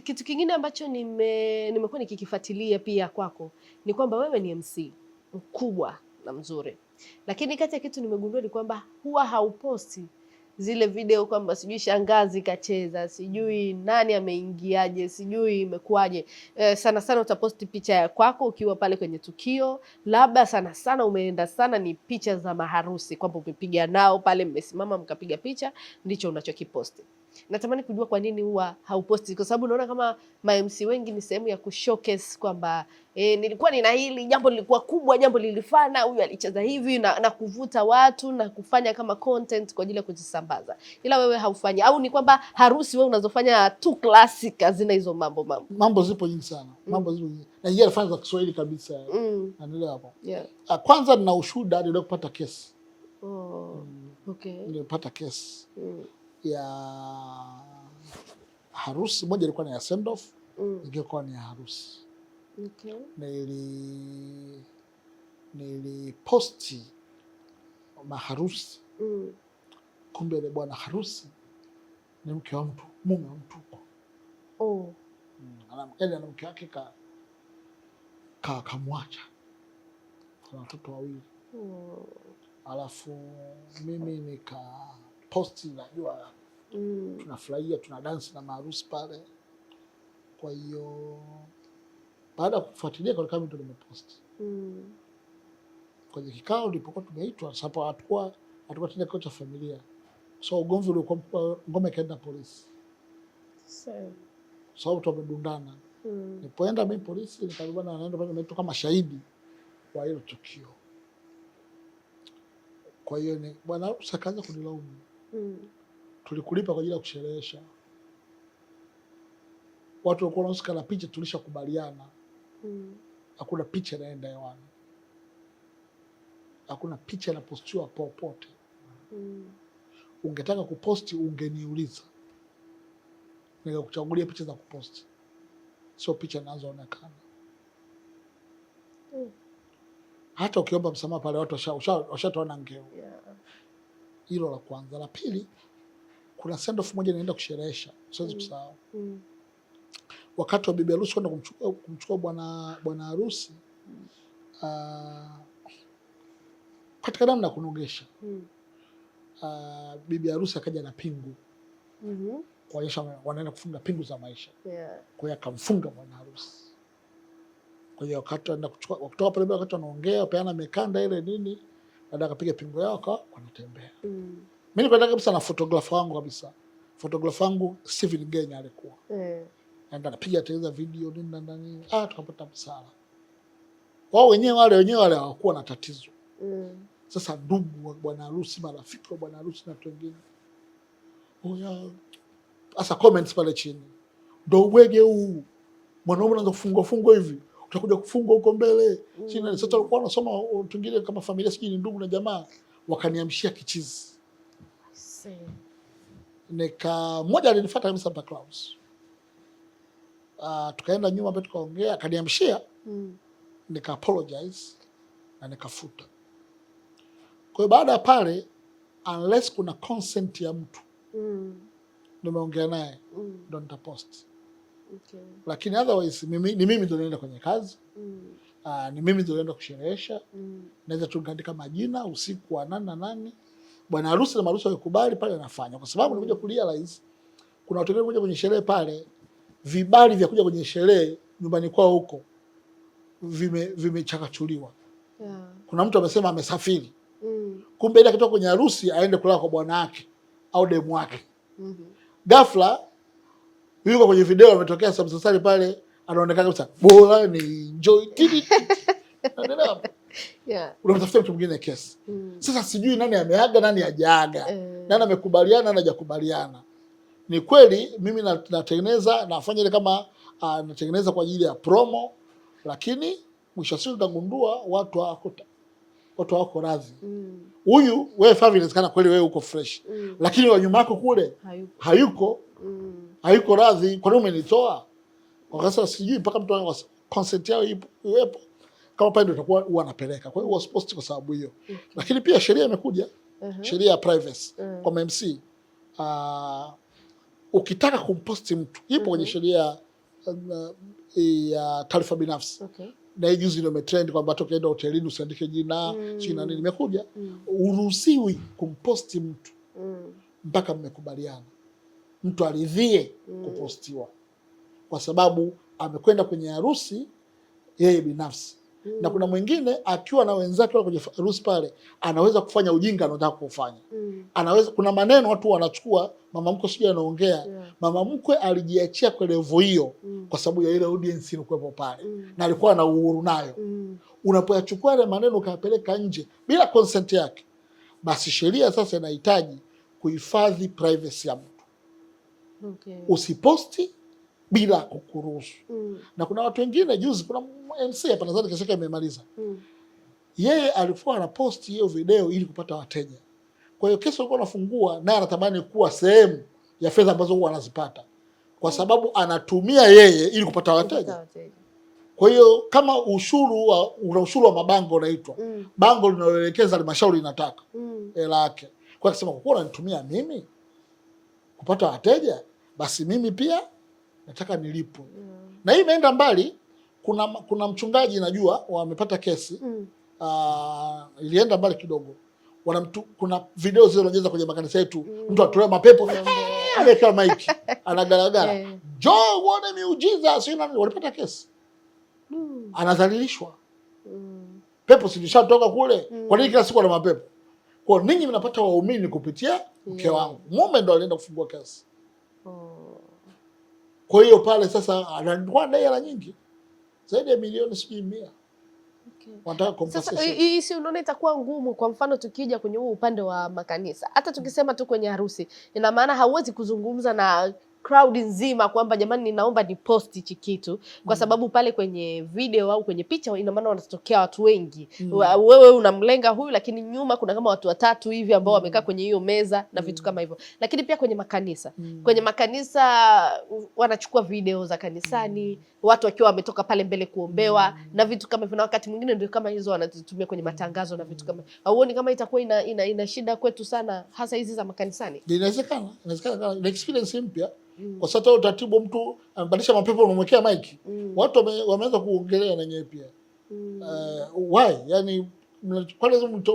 Kitu kingine ambacho nime nimekuwa nikikifuatilia pia kwako ni kwamba wewe ni MC mkubwa na mzuri, lakini kati ya kitu nimegundua ni kwamba huwa hauposti zile video kwamba sijui shangazi kacheza, sijui nani ameingiaje, sijui imekuwaje. Eh, sana sana utaposti picha ya kwako ukiwa pale kwenye tukio, labda sana sana umeenda sana ni picha za maharusi, kwamba umepiga nao pale, mmesimama mkapiga picha, ndicho unachokiposti. Natamani kujua kwa nini huwa hauposti, kwa sababu unaona kama ma-MC wengi ni sehemu ya kushowcase kwamba e, nilikuwa nina hili jambo, lilikuwa kubwa, jambo lilifana, huyu alicheza hivi na, na kuvuta watu na kufanya kama content kwa ajili ya kujisambaza, ila wewe haufanyi, au ni kwamba harusi wewe unazofanya tu classic hazina hizo mambo mambo? Mambo zipo nyingi sana, mm. mambo zipo nyingi na yeye anafanya kwa Kiswahili kabisa, mm. anaelewa hapo. yeah. Ah, kwanza nina ushuhuda, ndio kupata kesi. Oh, mm. okay, nilipata kesi mm ya harusi, moja ilikuwa ni ya send off, nyingine mm. ilikuwa ni ya harusi okay. Nili niliposti maharusi mm. Kumbe ile bwana harusi ni mke wa mtu, mume wa mtu oh. mm. Ana mke wake kamwacha ka, ka, ana watoto wawili mm. Alafu mimi nika posti, najua mm. tunafurahia tuna dansi na maarusi pale. Kwa hiyo baada ya kufuatilia kwa kama ndio nimeposti mm. kwenye kikao nilipokuwa tumeitwa, sababu hatukuwa hatukuwa tena kocha familia, so ugomvi ulikuwa mkubwa, ngome kaenda polisi sababu so, wamedundana mm. nipoenda mimi polisi, na naenda pale, nimeitwa kama shahidi kwa hilo tukio. Kwa hiyo ni bwana harusi akaanza kunilaumu mm. Tulikulipa kwa ajili ya kusherehesha watu walikuwa wanahusika na picha, tulishakubaliana hakuna mm. picha inaenda hewani, hakuna picha inapostiwa popote mm. Ungetaka kuposti ungeniuliza, ningekuchagulia picha za kuposti, sio picha zinazoonekana mm. Hata ukiomba msamaha pale watu washatoana ngeo yeah. Hilo la kwanza. La pili, kuna send off moja inaenda kusherehesha, siwezi mm. kusahau mm. wakati wa bibi harusi kwenda kumchukua, kumchukua bwana bwana harusi mm. uh, katika namna ya kunogesha mm. uh, bibi harusi akaja na pingu mm -hmm. kuonyesha wanaenda kufunga pingu za maisha yeah. kwa hiyo akamfunga bwana harusi kwa hiyo wakati anaenda kuchukua kutoka pale, wakati wanaongea wapeana mikanda ile nini baada akapiga pingo yao akawa wanatembea. Mm. Mimi nilipenda kabisa na fotografa wangu kabisa. Fotografa wangu Steven Genya alikuwa. Mm. Eh. Naenda kapiga tena video nini na nani. Ah, tukapata msala. Wao wenyewe wale wenyewe wale hawakuwa na tatizo. Mm. Sasa ndugu wa bwana harusi, marafiki wa bwana harusi na watu wengine. Oya. Asa comments pale chini. Ndo ubwege huu. Mwanaume anaanza kufungwa fungwa hivi utakuja kufungwa huko mbele. Mm. Sasa walikuwa wanasoma uh, tungine kama familia sijui ni ndugu na jamaa wakaniamshia kichizi. Nika mmoja alinifuata kabisa Santa Claus. Uh, tukaenda nyuma mbele tukaongea akaniamshia. Mm. Nika apologize na nikafuta. Kwa hiyo baada ya pale unless kuna consent ya mtu. Mm. Nimeongea naye. Mm. Ndo nitapost okay. Lakini otherwise mimi, ni mimi ndo naenda kwenye kazi mm. Aa, ah, ni mimi ndo naenda kusherehesha mm. Naweza tu tukaandika majina usiku wa nani na nani, bwana harusi na marusi wakikubali pale anafanya, kwa sababu nilikuja kurealize kuna watu wengine kwenye sherehe pale, vibali vya kuja kwenye sherehe nyumbani kwao huko vime vimechakachuliwa yeah. Kuna mtu amesema amesafiri mm. Kumbe ile akitoka kwenye harusi aende kulala kwa bwana wake au demu wake mm -hmm. Ghafla yuko kwenye video ametokea Samsasari pale, anaonekana kabisa bora ni enjoy titi yeah. Unamtafuta mtu mwingine kesi mm. Sasa sijui nani ameaga nani ajaaga mm. Eh. Nani amekubaliana nani hajakubaliana. Ni kweli mimi natengeneza nafanya ile kama uh, natengeneza kwa ajili ya promo, lakini mwisho wa siku utagundua watu hawakuta watu hawako radhi mm. huyu mm. Wewe Favi, inawezekana kweli wewe uko fresh mm. Lakini wa nyuma yako kule hayuko, hayuko. Mm haiko radhi, kwa nini umenitoa? Wakasema sijui mpaka mtu wa consent yao iwepo, kama pale ndio itakuwa huwa anapeleka. Kwa hiyo was post kwa sababu hiyo, mm. lakini pia sheria imekuja uh -huh. sheria ya privacy uh mm. -huh. kwa MC uh, ah, ukitaka kumposti mtu ipo kwenye mm-hmm. uh -huh. Eh, sheria ya uh, taarifa binafsi okay. Na hii juzi ndio imetrend kwamba tokaenda hotelini usiandike jina mm. sio nini, imekuja. mm. uruhusiwi kumposti mtu Mm. mpaka mmekubaliana mtu aridhie mm. kupostiwa, kwa sababu amekwenda kwenye harusi yeye binafsi mm. na kuna mwingine akiwa na wenzake kwenye harusi pale, anaweza kufanya ujinga anataka kufanya mm. anaweza, kuna maneno watu wanachukua, mama mkwe sijui anaongea yeah. mama mkwe alijiachia kwa levo hiyo mm. kwa sababu ya ile audience ilikuwepo pale mm. na alikuwa na uhuru nayo mm. unapoyachukua yale maneno ukayapeleka nje bila consent yake, basi sheria sasa inahitaji kuhifadhi privacy ya mtu okay. Usiposti bila kukuruhusu mm. Na kuna watu wengine juzi, kuna MC hapa nadhani kashaka imemaliza mm. Yeye alikuwa anaposti hiyo video ili kupata wateja, kwa hiyo kesi alikuwa anafungua naye anatamani kuwa sehemu ya fedha ambazo huwa anazipata kwa mm. sababu anatumia yeye ili kupata wateja. Kwa hiyo kama ushuru wa, una ushuru wa mabango unaitwa mm. bango linaloelekeza halmashauri inataka mm. hela yake, kwa kusema kwa kuwa unanitumia mimi kupata wateja basi mimi pia nataka nilipwe. Mm. Na hii imeenda mbali. Kuna, kuna mchungaji najua wamepata kesi mm. Uh, ilienda mbali kidogo Wana mtu, kuna video zilizoonyesha kwenye makanisa yetu mm. Mtu atolewa mapepo mm. amewekewa maiki anagaragara, njoo uone miujiza, nani walipata kesi mm. Anadhalilishwa mm. Pepo silishatoka kule mm. Kwa nini kila siku ana mapepo? Kwa ninyi mnapata waumini kupitia mke wangu. Mume ndo alienda kufungua kesi kwa hiyo pale sasa na hela nyingi zaidi ya milioni sijui mia Okay. hii si unaona itakuwa ngumu. Kwa mfano tukija kwenye huu upande wa makanisa, hata tukisema tu kwenye harusi, ina maana hauwezi kuzungumza na crowd nzima kwamba jamani, ninaomba ni post hichi kitu, kwa mm. sababu pale kwenye video au kwenye picha, ina maana wanatokea watu wengi mm. Wewe unamlenga huyu, lakini nyuma kuna kama watu watatu hivi ambao mm. wamekaa kwenye hiyo meza na vitu mm. kama hivyo. Lakini pia kwenye makanisa mm. kwenye makanisa wanachukua video za kanisani mm. watu wakiwa wametoka pale mbele kuombewa mm. na vitu kama hivyo, na wakati mwingine ndio kama hizo wanazitumia kwenye matangazo na vitu kama hauoni kama itakuwa ina, ina, ina shida kwetu sana hasa hizi za makanisani. Inawezekana, inawezekana experience mpya mm. Kwa sasa utaratibu, mtu amebadilisha eh, mapepo, unamwekea mike mm. Watu wameanza kuongelea na nyewe pia mm. Uh, why yani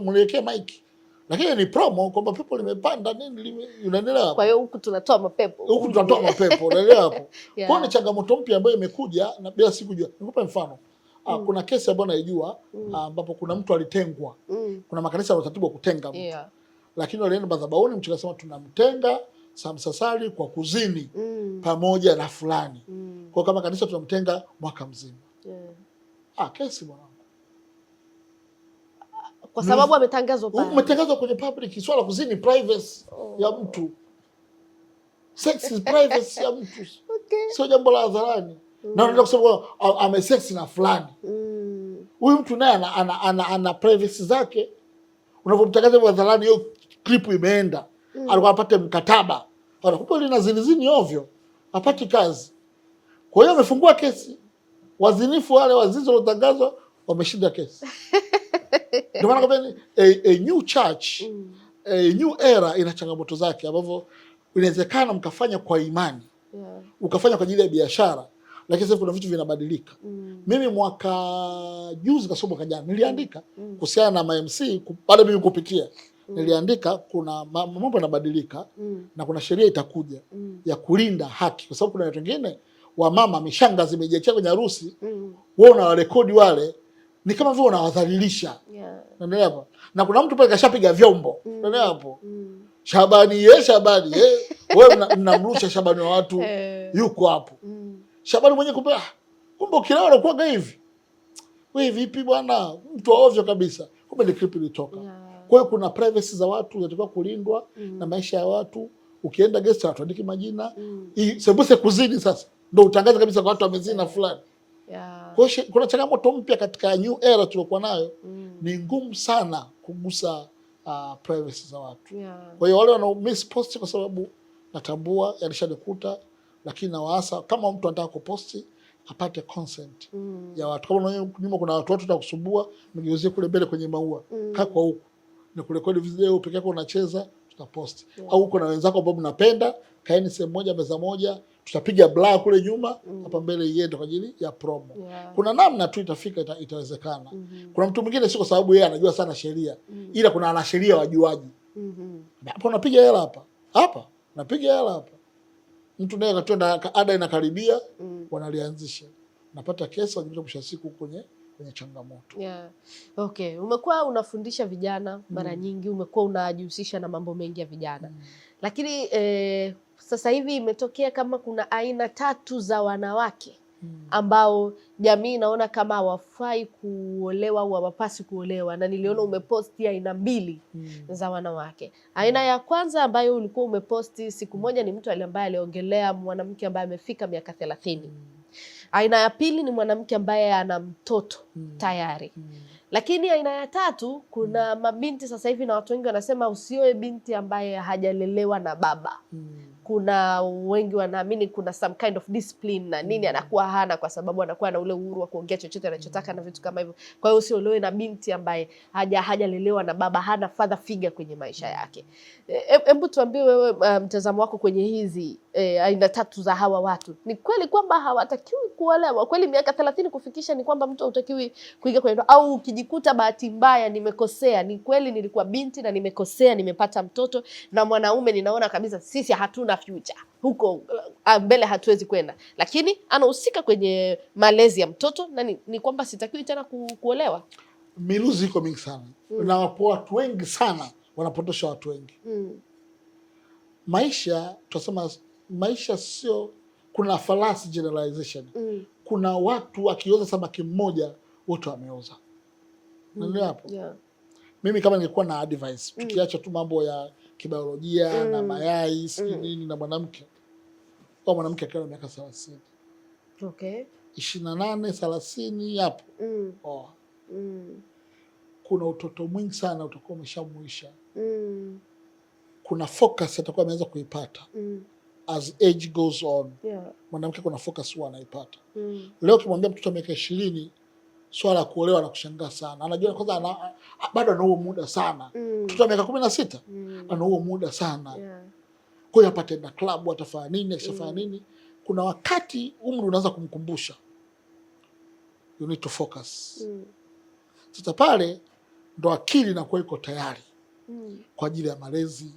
mliwekea mike lakini ni promo kwamba pepo limepanda nini, lime, unaendelea hapo. Kwa hiyo huku tunatoa mapepo, huku tunatoa mapepo, unaelewa hapo? yeah. Kwa ni changamoto mpya ambayo imekuja na bila sikujua. Nikupe mfano ah, mm. Uh, kuna kesi ambayo naijua mm. ah, ambapo uh, kuna mtu alitengwa mm. Kuna makanisa ya utaratibu wa kutenga mtu yeah. Lakini walienda madhabahuni, mchungaji akasema tunamtenga Samsasari kwa kuzini mm. pamoja na fulani mm. Kwa kama kanisa tunamtenga mwaka mzima yeah. Ah, kesi mwanangu, kwa sababu ametangazwa pale, umetangazwa kwenye public. Swala kuzini privacy oh. ya mtu sex is privacy ya mtu okay. Sio jambo la hadharani mm. na unataka kusema ame sex na fulani mm. huyu mm. mtu naye ana, ana, ana, ana privacy zake. Unapomtangaza hadharani hiyo clip imeenda mm. alikuwa apate mkataba anakupa lina zinizini ovyo, apati kazi. Kwa hiyo amefungua kesi, wazinifu wale wazinzi waliotangazwa wameshinda kesi. Ndio maana kwamba a new church, mm. a new era ina changamoto zake ambavyo inawezekana mkafanya kwa imani yeah. Ukafanya kwa ajili ya biashara, lakini sasa kuna vitu vinabadilika mm. Mimi mwaka juzi kasoma kajana niliandika mm. kuhusiana na MMC bado mimi kupitia Mm. niliandika kuna mambo yanabadilika mm. na kuna sheria itakuja mm. ya kulinda haki, kwa sababu kuna watu wengine wamama mishanga zimejiachia kwenye harusi mm. wewe unawarekodi wale, ni kama vile unawadhalilisha yeah. Unaelewa hapo? Na kuna mtu pale kashapiga vyombo mm. hapo? mm. Shabani ye Shabani ye wewe mnamrusha Shabani wa watu eh. yuko hapo mm. Shabani mwenyewe kumbe, ah, kumbe ukilala unakuwa hivi wewe, vipi bwana, mtu ovyo kabisa, kumbe ni clip ilitoka yeah. Kwa hiyo kuna privacy za watu zinatakiwa kulindwa mm. na maisha ya watu. Ukienda guest house tuandike majina mm. sebuse kuzini, sasa ndo utangaze kabisa kwa watu wamezina fulani yeah. Kwa kuna changamoto mpya katika new era tuliokuwa nayo mm. ni ngumu sana kugusa uh, privacy za watu yeah. Kwa hiyo wale wana miss post kwa sababu natambua yalishanikuta, lakini nawaasa kama mtu anataka kuposti apate consent mm. ya watu. Kama nyuma kuna watu watu watakusumbua, mgeuzie kule mbele kwenye maua mm. kaa kwa huku ni kurekodi video peke yako unacheza, tutapost yeah. Au uko na wenzako ambao mnapenda, kaeni sehemu moja, meza moja, tutapiga bla kule nyuma mm. hapa mbele iende kwa ajili ya promo yeah. Kuna namna tu itafika ita, itawezekana mm -hmm. Kuna mtu mwingine si kwa sababu yeye anajua sana sheria mm -hmm. Ila kuna wanasheria wajuaji mm -hmm. Hapa unapiga hela hapa hapa, napiga hela hapa, mtu naye katua ada inakaribia mm. Wanalianzisha napata kesi, wajumlisha mwisho wa siku kwenye kwenye changamoto yeah. Okay, umekuwa unafundisha vijana mara mm. nyingi, umekuwa unajihusisha na mambo mengi ya vijana mm. lakini eh, sasa hivi imetokea kama kuna aina tatu za wanawake Hmm. ambao jamii inaona kama hawafai kuolewa au hawapasi kuolewa, na niliona mm. umeposti aina mbili hmm. za wanawake. Aina mm. ya kwanza ambayo ulikuwa umeposti siku mm. moja ni mtu ambaye aliongelea mwanamke ambaye amefika miaka thelathini hmm. Aina ya pili ni mwanamke ambaye ana mtoto mm. tayari mm. Lakini aina ya tatu kuna hmm. mabinti sasa hivi na watu wengi wanasema usioe binti ambaye hajalelewa na baba mm. Kuna wengi wanaamini kuna some kind of discipline na nini mm. anakuwa hana, kwa sababu anakuwa na ule uhuru wa kuongea chochote anachotaka mm. na vitu kama hivyo. Kwa hiyo usiolewe na binti ambaye haja hajalelewa na baba, hana father figure kwenye maisha hmm. yake. E, e, hebu e, tuambie wewe uh, mtazamo um, wako kwenye hizi e, aina tatu za hawa watu. Ni kweli kwamba hawatakiwi kuolewa kweli, miaka thelathini kufikisha ni kwamba mtu hautakiwi kuingia kwenye ndoa, au ukijikuta bahati mbaya, nimekosea, ni kweli nilikuwa binti na nimekosea, nimepata mtoto na mwanaume, ninaona kabisa sisi hatuna future huko ah, mbele, hatuwezi kwenda, lakini anahusika kwenye malezi ya mtoto na ni, ni kwamba sitakiwi tena ku, kuolewa. Miruzi iko mingi sana mm. na wapo watu wengi sana wanapotosha watu wengi mm. maisha tunasema maisha sio, kuna falasi generalization mm. Kuna watu akioza samaki mmoja wote wameoza mm. hapo yeah. Mimi kama nilikuwa na advice mm. tukiacha tu mambo ya kibiolojia mm. na mayai sijui mm. nini na mwanamke kwa mwanamke akiwa na miaka thelathini okay. ishirini na nane thelathini hapo mm. oh. mm. kuna utoto mwingi sana utakuwa umeshamuisha mm. kuna focus atakuwa ameweza kuipata mm as age goes on yeah. Mwanamke kuna focus huwa anaipata mm. Leo ukimwambia mtoto wa miaka ishirini swala ya kuolewa kushangaa sana, anajua kwanza ana, bado ana muda sana mm. Mtoto wa miaka kumi na sita mm. ana muda sana yeah. Kwa hiyo apataenda klabu, atafanya nini, akishafanya mm. nini, kuna wakati umri unaanza kumkumbusha you need to focus mm. Sasa pale ndo akili inakuwa iko tayari mm. kwa ajili ya malezi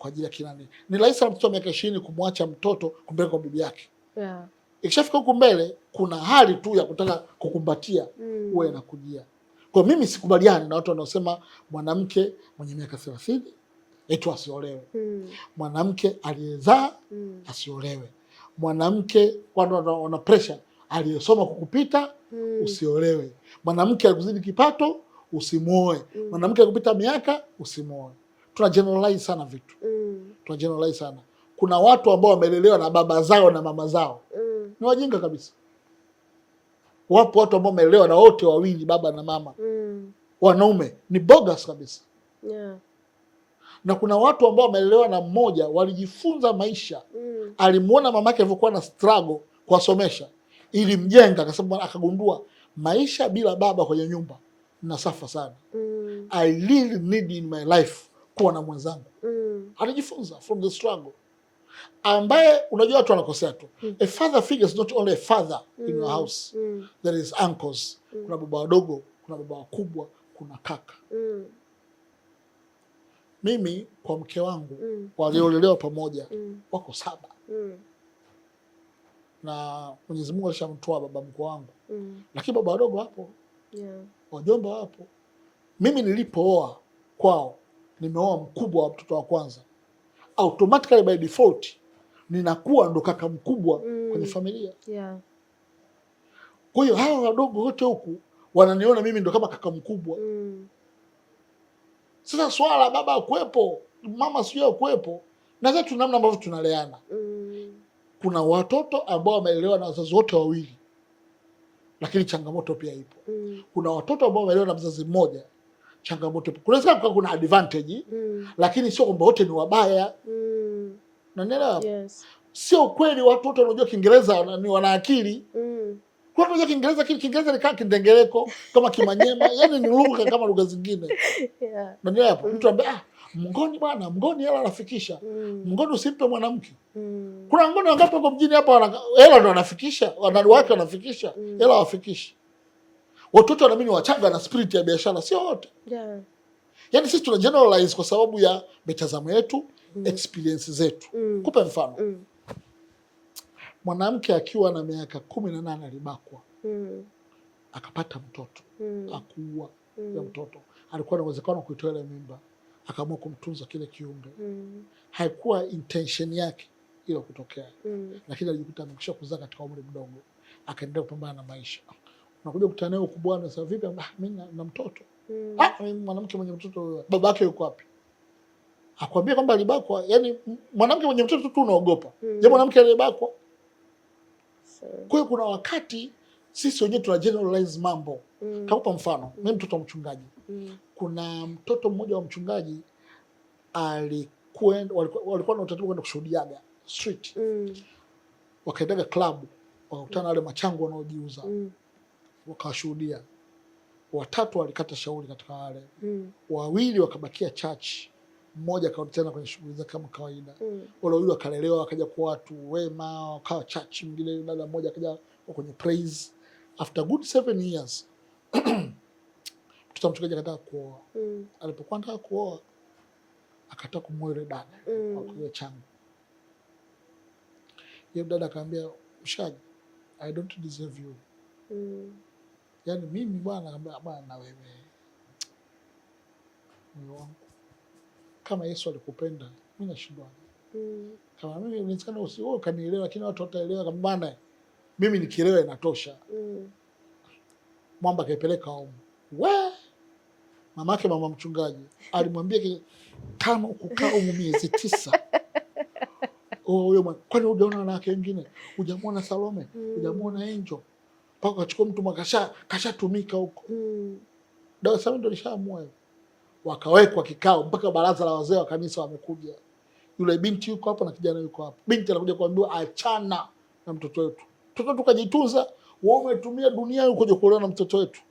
kwa ajili ya kina nini. Ni rahisi mtoto wa miaka ishirini kumwacha mtoto kumpeleka kwa bibi yake yeah. Ikishafika huku mbele kuna hali tu ya kutaka kukumbatia mm. uwe na kujia. Kwa mimi sikubaliani na watu wanaosema mwanamke mwenye miaka thelathini etu asiolewe mm. mwanamke aliyezaa mm. asiolewe mwanamke kwani wana presha aliyesoma kukupita mm. usiolewe. Mwanamke akuzidi kipato usimwoe. mm. akupita miaka usimwoe tuna generalize sana vitu mm. tuna generalize sana kuna watu ambao wamelelewa na baba zao na mama zao mm. ni wajinga kabisa. Wapo watu ambao wamelelewa na wote wawili baba na mama mm. wanaume ni bogus kabisa yeah. na kuna watu ambao wamelelewa na mmoja, walijifunza maisha mm. alimwona mamake alivyokuwa na struggle kuwasomesha, ilimjenga sababu akagundua maisha bila baba kwenye nyumba na safa sana mm. I really need in my life kuwa na mwenzangu mm. alijifunza from the struggle ambaye unajua watu wanakosea tu mm. a father figure is not only a father mm. in your mm. house mm. there is uncles mm. kuna baba wadogo, kuna baba wakubwa, kuna kaka mm. mimi kwa mke wangu mm. waliolelewa pamoja mm. wako saba mm. na Mwenyezi Mungu alishamtoa baba mkwe wangu mm. lakini baba wadogo wapo yeah. wajomba wapo. Mimi nilipooa kwao nimeoa mkubwa wa mtoto wa kwanza, automatically by default ninakuwa ndo kaka mkubwa mm. kwenye familia yeah. Kwa hiyo hawa wadogo wote huku wananiona mimi ndo kama kaka mkubwa mm. Sasa swala baba akuwepo, mama sijui akuwepo, na zetu namna ambavyo tunaleana mm. Kuna watoto ambao wameelewa na wazazi wote wawili, lakini changamoto pia ipo mm. Kuna watoto ambao wameelewa na mzazi mmoja changamoto. Kunaweza kuna advantage mm. lakini sio kwamba wote ni wabaya mm. Unanielewa? yes. Sio kweli watu wote wanajua Kiingereza ni wana akili mm. kwa kuja Kiingereza, kile Kiingereza ni kama kindengereko kama kimanyema yani ni lugha kama lugha zingine yeah. Unanielewa hapo mm. mtu ambaye ah, mngoni bwana, mngoni hela anafikisha mm. mngoni usimpe mwanamke mm. kuna mngoni wangapi huko mjini hapa hela ndo anafikisha wanawake wanafikisha mm. hela mm. wafikishi watoto wanaamini wachanga na spirit ya biashara, sio wote yeah. Yani sisi tuna generalize kwa sababu ya mitazamo yetu mm. experience zetu mm. Kupe mfano mm. mwanamke akiwa na miaka kumi na nane alibakwa mm. akapata mtoto mm. akuua mm. ya mtoto alikuwa na uwezekano wa kuitoa ile mimba, akaamua kumtunza kile kiumbe mm. haikuwa intention yake ilo kutokea mm. lakini alijikuta amekisha kuzaa katika umri mdogo, akaendelea kupambana na maisha nakuja kukutana naye huku bwana, sasa vipi? Ah, mimi na mtoto mm. Ah, mwanamke mwenye mtoto babake yuko wapi? Akwambia kwamba alibakwa. Yani mwanamke mwenye mtoto tu unaogopa mm. Je, mwanamke alibakwa? Kwa hiyo kuna wakati sisi wenyewe tuna generalize mambo mm. Takupa mfano mimi mm. mtoto wa mchungaji mm. Kuna mtoto mmoja wa mchungaji alikwenda, walikuwa na utaratibu kwenda kushuhudiaga street mm. Wakaendaga klabu wakakutana wale mm. machango wanaojiuza mm wakawashuhudia, watatu walikata shauri katika wale mm. wawili wakabakia chachi, mmoja akarudi tena kwenye shughuli zake kama kawaida mm. wale wawili wakalelewa wakaja kuwa watu wema, wakawa chachi. Mwingine dada mmoja akaja kwenye praise after good seven years mtoto mchungaji akataka kuoa mm. alipokuwa anataka kuoa akataka kumwoa yule dada mm. akuja changu yule dada akaambia mshaji I don't deserve you mm yani mimi bwana bana, wewe moyo wangu kama Yesu alikupenda mi nashindwa mm. Kama mimi inawezekana usiwe kanielewa, lakini watu wataelewa kama bana, mimi nikielewa inatosha mm. Mwamba akaipeleka umu we mama yake, mama mchungaji alimwambia kama ukukaa umu miezi tisa huyo kwani hujaona wanawake wengine, ujamwona Salome, mm. ujamwona Angel mpaka ukachukua mtu makasha kashatumika huko Dar es Salaam, ndo lishaamua wakawekwa kikao mpaka baraza la wazee wa kanisa wamekuja, yule binti yuko hapo na kijana yuko hapo. Binti anakuja kuambiwa achana na mtoto wetu, mtoto wetu kajitunza, wewe umetumia dunia ukoje kuolewa na mtoto wetu?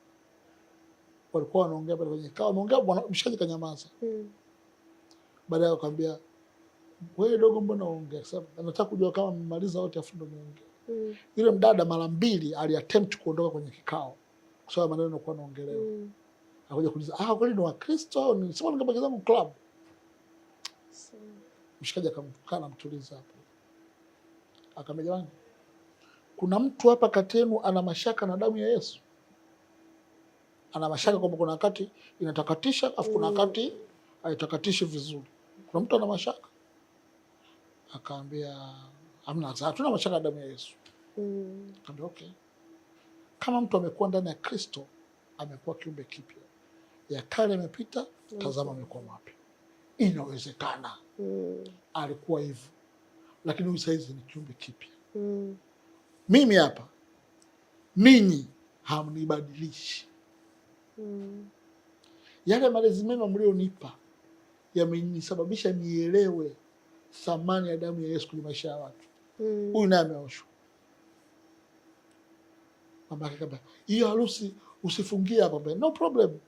Walikuwa wanaongea pale kwenye kikao, wanaongea bwana, mshaji kanyamaza. Mm. Baadaye akamwambia wewe dogo, mbona unaongea? Sababu anataka kujua kama mmaliza wote afu ndo niongee mm. Yule mdada mara mbili aliattempt kuondoka kwenye kikao kwa sababu maneno yalikuwa yanaongelewa mm. Akaja kuuliza ah, kweli ni Wakristo? ni sema ningebaki zangu club. Si. Mshikaji akamtukana mtuliza hapo, akamwambia kuna mtu hapa kati yenu ana mashaka na damu ya Yesu, ana mashaka kwamba kuna wakati inatakatisha afu kuna mm. wakati haitakatishi vizuri. Kuna mtu ana mashaka? Akaambia hamna, hatuna mashaka na damu ya Yesu. Mm. okay. Kama mtu amekuwa ndani ya Kristo amekuwa kiumbe kipya, ya kale yamepita, mm. tazama amekuwa mapya. Inawezekana mm. alikuwa hivyo, lakini huyu saizi ni kiumbe kipya mm. Mimi hapa ninyi hamnibadilishi mm. Yale malezi mema mlionipa yamenisababisha nielewe thamani ya damu ya Yesu kwenye maisha ya watu. Mm. Huyu mm. naye ameoshwa Mama yake kabla hiyo harusi usifungie hapa mbele, no problem.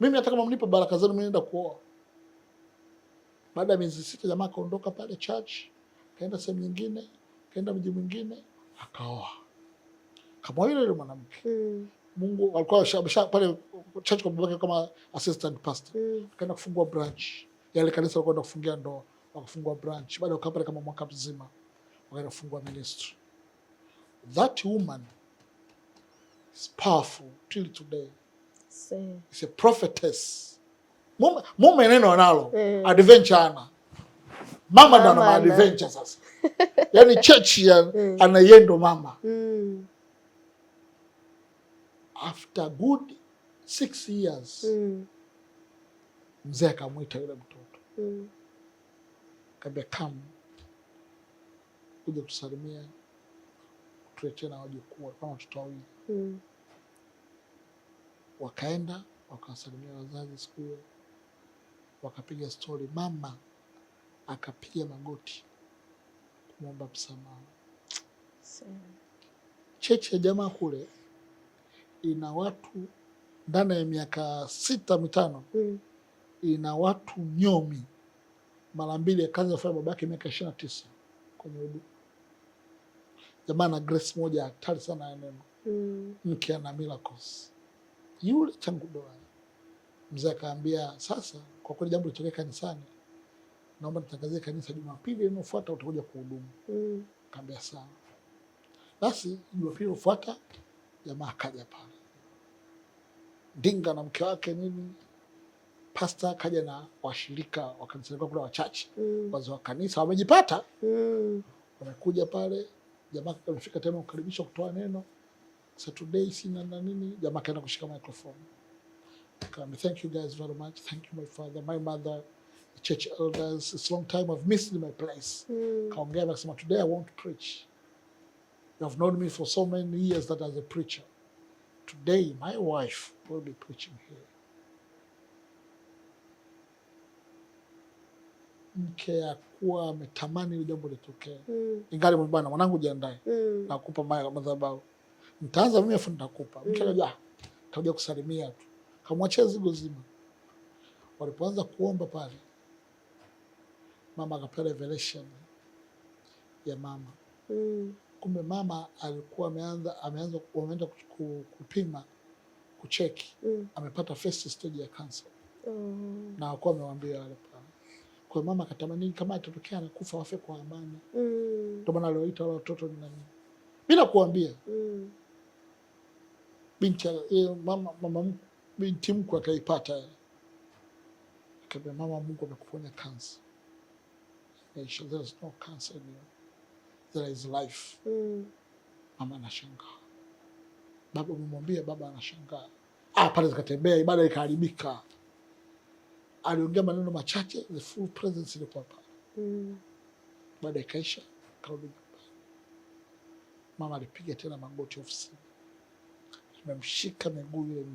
Mimi hata kama mnipe baraka zenu, mimi naenda kuoa. Baada ya miezi sita, jamaa akaondoka pale church, kaenda sehemu nyingine, kaenda mji mwingine, akaoa kama yule yule mwanamke hmm. Mungu alikuwa amesha pale church kwa babake kama assistant pastor mm. Kaenda kufungua branch yale kanisa alikuwa kufungia ndoa, wakafungua branch. Baada ya kukaa pale kama mwaka mzima, wakaenda kufungua ministry that woman It's powerful till today. Same. It's a prophetess. Mume neno analo mm. adventure ana mama ndo ana adventure sasa yani church ya, mm. anayendo mama mm. after good six years mm. mzee akamwita yule mtoto mm. kaambia kam kuja tusalimia tuletee na wajukuu kama watoto wawili mm. Wakaenda wakawasalimia wazazi siku hiyo, wakapiga stori. Mama akapiga magoti kumwomba msamaha. Chechi ya jamaa kule ina watu ndani ya miaka sita mitano, mm. ina watu nyomi mara mbili ya kazi afanya babake miaka ishirini na tisa kwenye udu jamaa na Grace moja hatari sana ya neno mm. mke ana miracles yule changu doa. Mzee akaambia sasa, kwa kweli jambo litokee kanisani, naomba nitangazie kanisa Jumapili inayofuata utakuja kuhudumu. Mm. Kaambia sawa. Basi Jumapili iliyofuata jamaa akaja pale, Ndinga na mke wake nini, pasta kaja na washirika wa kanisa kule wachache, mm. wazee wa kanisa wamejipata, mm. wamekuja pale, jamaa amefika tena kukaribisha kutoa neno So sina na nini, jamaa kaenda kushika microphone. Come, thank you guys very much. Thank you my father, my mother, the church elders. It's long time I've missed my place. Mm. Kaongea akasema today I won't preach. You have known me for so many years that as a preacher. Today my wife will be preaching here. Mke akuwa ametamani hilo jambo litokee. Hmm. Ingali mwanangu jiandae. Hmm. Nakupa madhabahu. Nitaanza mimi afu nitakupa. Mtu anaja kaja ah, kusalimia tu, kamwachia zigo zima. Walipoanza kuomba pale, mama akapewa revelation ya mama mm. Kumbe mama alikuwa ameanza ameanza wameenda kupima kucheki mm. amepata first stage ya cancer mm. na wakuwa amewaambia wale pale. Kwa mama katamani kama atatokea anakufa wafe kwa amani. Mm. Ndio maana mm. wale watoto ni nani bila kuambia mm binti eh, mama, mama, binti mku akaipata, akaambia mama, Mungu amekuponya kansa. There is no cancer in you. There is life. Mm. Mama anashangaa, baba amemwambia, baba anashangaa. Ah, pale zikatembea, ibada ikaharibika. Aliongea maneno machache, the full presence ilikuwa pale. Mm. Baada ikaisha, karudi nyumbani. Mama alipiga tena magoti ofisini Namshika miguu yule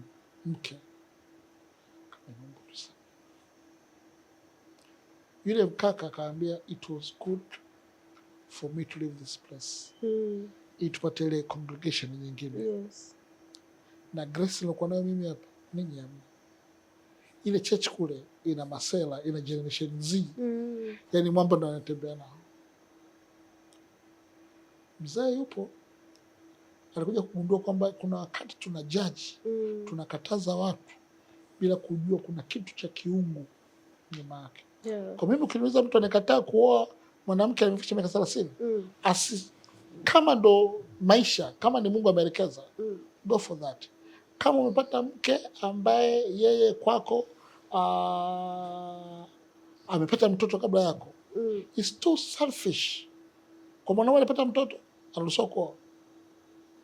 mke, yule mkaka akaambia, it was good for me to leave this place mm. itupate ile congregation nyingine yes. na grace nilikuwa nayo mimi hapa ninyi hamna. Ile church kule ina masela, ina generation Z mm. yaani mambo ndo anatembea nao mzee yupo anakuja kugundua kwamba kuna wakati tuna jaji mm. tunakataza watu bila kujua kuna kitu cha kiungu nyuma yake yeah. Kwa mimi ukiniuliza, mtu anakataa kuoa mwanamke amefikisha miaka thelathini mm. asi kama ndo maisha, kama ni Mungu ameelekeza mm. go for that. Kama umepata mke ambaye yeye kwako uh, amepata mtoto kabla yako mm. It's too selfish kwa mwanaume alipata mtoto anaruhusiwa kuoa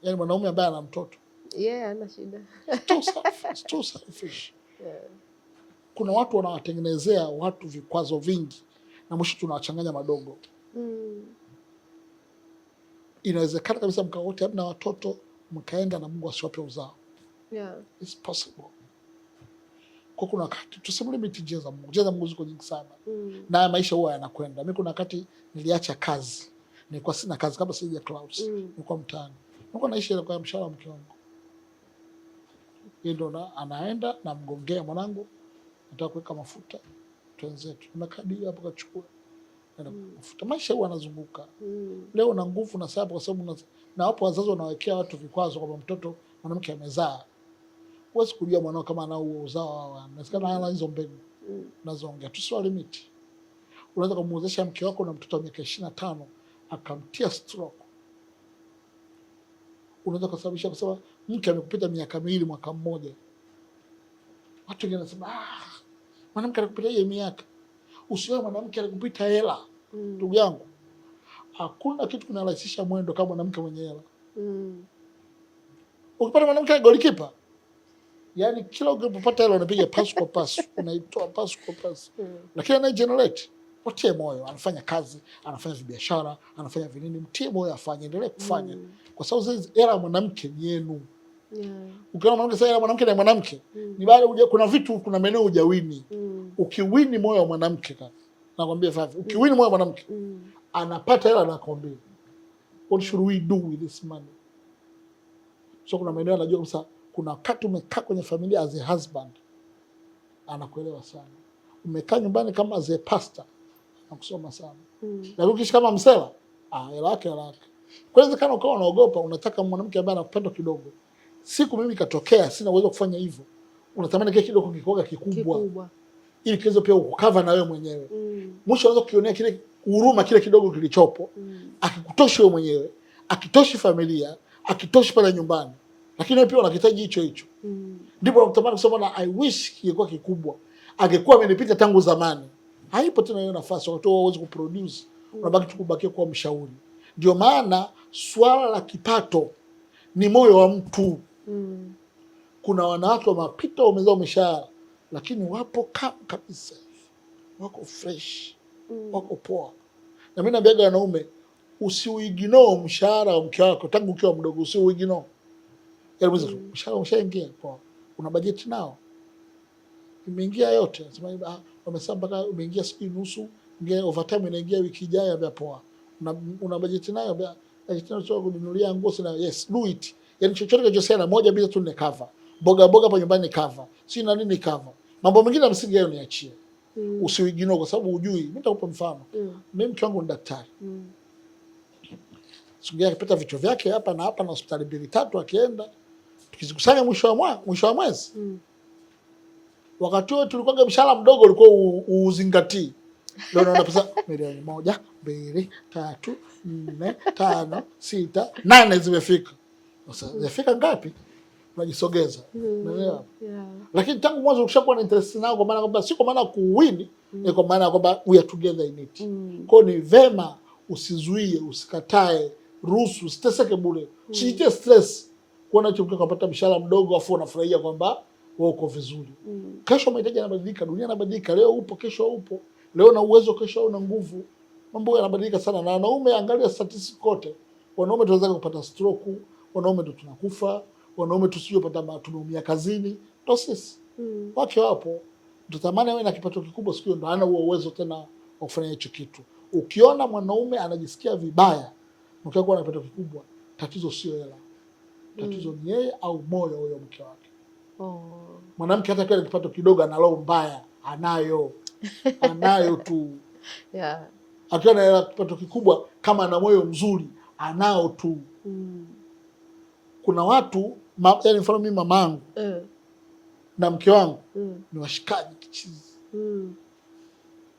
yani mwanaume ambaye ana mtoto yeye ana shida. Too selfish. Yeah. Kuna watu wanawatengenezea watu vikwazo vingi na mwisho tunawachanganya madogo. Mm. Inawezekana kabisa mkawa wote hamna watoto mkaenda na Mungu asiwape uzao. Yeah. It's possible. Kwa kuna wakati tusimulimiti njia za Mungu, njia za Mungu ziko nyingi sana. Mm. Na maisha huwa yanakwenda. mi kuna wakati niliacha kazi, nilikuwa sina kazi kabla sija Clouds, mm. nilikuwa mtaani nilikuwa naishi ile kwa mshahara wa mke wangu, yeye ndo anaenda mgongea mwanangu, nataka kuweka mafuta twenzetu, na kadi hiyo hapo kachukua mm. mafuta. Maisha huwa anazunguka mm. Leo na nguvu na sababu, kwa sababu na wapo wazazi wanawekea watu vikwazo kwamba mtoto mwanamke amezaa, huwezi kujua mwanao kama anao huo uzao, inawezekana ana hizo mbegu Mm. nazoongea, tusiwa limiti. Unaweza kumuwezesha mke wako na mtoto wa miaka ishirini na tano akamtia stroke unaweza kusababisha kusema mke amekupita miaka miwili mwaka mmoja. Watu wengine wanasema ah, mwanamke alikupita hiyo miaka. Usiwe mwanamke alikupita hela. Mm. Ndugu mm. yangu, hakuna kitu kinarahisisha mwendo kama mwanamke mwenye hela. Mm. Ukipata mwanamke golikipa, yaani kila ukipopata hela unapiga pasu kwa pasu, unaitoa pasu kwa pasu. Mm. Lakini anayegenerate Watie moyo, anafanya kazi, anafanya biashara, anafanya vinini, mtie moyo afanye, endelee kufanya mm. kwa sababu era ya mwanamke ni yenu yeah. Ukiona mwanamke sasa, era mwanamke na mwanamke mm. ni bado, kuna vitu, kuna maeneo hujawini mm. ukiwini moyo wa mwanamke, nakwambia sasa, mm. ukiwini moyo wa mwanamke mm. anapata hela, anakwambia what should we do with this money? So kuna maeneo anajua kabisa, kuna wakati umekaa kwenye familia as a husband, anakuelewa sana. Umekaa nyumbani kama as a pastor na kusoma sana mm. Lakini ukiishi kama msela ah, hela yake Kwa hiyo kama ukawa unaogopa, unataka mwanamke ambaye anakupenda kidogo, siku mimi katokea sina uwezo kufanya hivyo, unatamani kile kidogo kikoga kikubwa, kikubwa ili kiweze pia kukava na wewe mwenyewe mm. Mwisho unaweza kukionea kile huruma kile kidogo kilichopo mm. Akikutoshi wewe mwenyewe, akitoshi familia, akitoshi pale nyumbani, lakini pia unakitaji hicho hicho mm. Ndipo unatamani kusema na I wish kingekuwa kikubwa, angekuwa amenipita tangu zamani haipo tena hiyo nafasi, wakati huwezi kuproduce, mm. unabaki kubakia kuwa mshauri. Ndio maana swala la kipato ni moyo wa mtu mm. Kuna wanawake wamapita wamezaa wameshahara, lakini wapo kam kabisa, wako fresh mm. wako poa. Na mimi naambiaga wanaume, usiuigino mshahara wa mke wako tangu ukiwa mdogo, usiuignore. Yaani mm. Mshahara umeshaingia una bajeti nao imeingia yote, nasema ah, wamesema mpaka umeingia siku nusu nge overtime inaingia wiki ijayo vya poa, una, una bajeti nayo ya bajeti nayo kununulia nguo sina, yes do it, yani chochote kinachosema moja bila tu ni cover boga boga hapa nyumbani ni cover, si na nini cover, mambo mengine ya msingi hayo niachie. Mm. Usiigino kwa sababu ujui, Mimi nitakupa mfano. Mm. Mimi mke wangu ni daktari. Mm. Sugea akipata vichwa vyake hapa na hapa na hospitali mbili tatu akienda. Tukizikusanya mwisho wa mwa mwisho wa mwezi. Mm wakati huo tulikuwa mshahara mdogo ulikuwa uuzingatii. Ndio naona pesa milioni moja, mbili, tatu, nne, tano, sita, nane zimefika. Sasa zimefika ngapi? Unajisogeza. Hmm, Unaelewa? Yeah. Lakini tangu mwanzo ukishakuwa na interest nao kwa maana kwamba si kwa maana kuwini mm. ni kwa maana kwamba we are together in it. mm. Kwa ni vema usizuie, usikatae, ruhusu, usiteseke bure. mm. Usijitie stress. Kuona chukua kupata mshahara mdogo afu unafurahia kwamba wewe uko vizuri. Mm. Kesho mahitaji yanabadilika, dunia inabadilika, leo upo, kesho upo. Leo na uwezo, kesho una nguvu. Mambo yanabadilika sana na wanaume, angalia statistics kote. Wanaume tunaweza kupata stroke, wanaume ndio tunakufa, wanaume tusiyopata tunaumia kazini. Ndio sisi. Mm. Wake wapo. Tutamani awe na kipato kikubwa siku ndio ana huo uwezo tena wa kufanya hicho kitu. Ukiona mwanaume anajisikia vibaya, mke wako ana kipato kikubwa, tatizo sio hela. Tatizo mm. ni yeye au moyo huyo mke wake. Oh. Mwanamke hata na kipato kidogo ana roho mbaya, anayo anayo tu yeah. Akiwa na hela kipato kikubwa, kama ana moyo mzuri anao tu mm. Kuna watu ma, yani mfano mimi mamangu mm. na mke wangu mm. ni washikaji kichizi mm.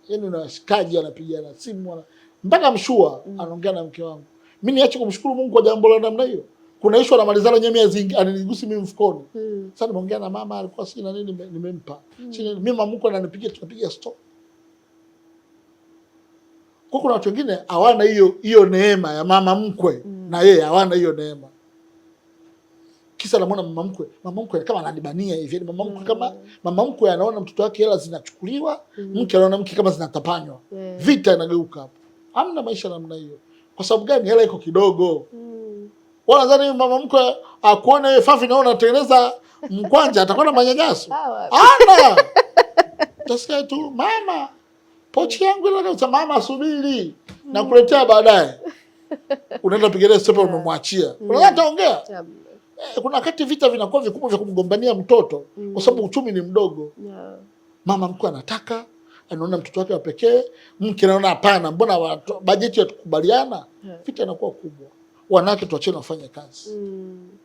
yani ni washikaji, anapigana simu mpaka mshua mm. anaongea na mke wangu, mi niache kumshukuru Mungu kwa jambo la namna hiyo? kuna ishu anamalizana yenyewe mimi ananigusi mimi mfukoni. Mm. Sasa nimeongea na mama alikuwa sina nini nimempa. Mm. Sina mimi mamuko ananipiga tunapiga stop. Kwa kuna watu wengine hawana hiyo hiyo neema ya mama mkwe mm. na yeye hawana hiyo neema. Kisa namwona mama mkwe, mama mkwe kama ananibania hivi, yani mama mkwe kama hmm. mama mkwe anaona mtoto wake hela zinachukuliwa, mm. mke anaona mke kama zinatapanywa. Yeah. Vita inageuka hapo. Hamna maisha namna hiyo. Kwa sababu gani? Hela iko kidogo. Mm wala nadhani mama mkwe akuone wewe fafi na unatengeneza mkwanja atakuwa na manyanyaso. Ana. tasikia tu mama, pochi yangu ile ndio mama subiri na kuletea baadaye. Unaenda piga ile umemwachia. Mm. Unaona ataongea. Eh, kuna wakati vita vinakuwa vikubwa vya kumgombania mtoto mm. kwa sababu uchumi ni mdogo. Mama mkwe anataka anaona mtoto wake wa pekee, mke anaona hapana, mbona bajeti hatukubaliana? Vita inakuwa kubwa wanawake tuachie wafanye kazi mm.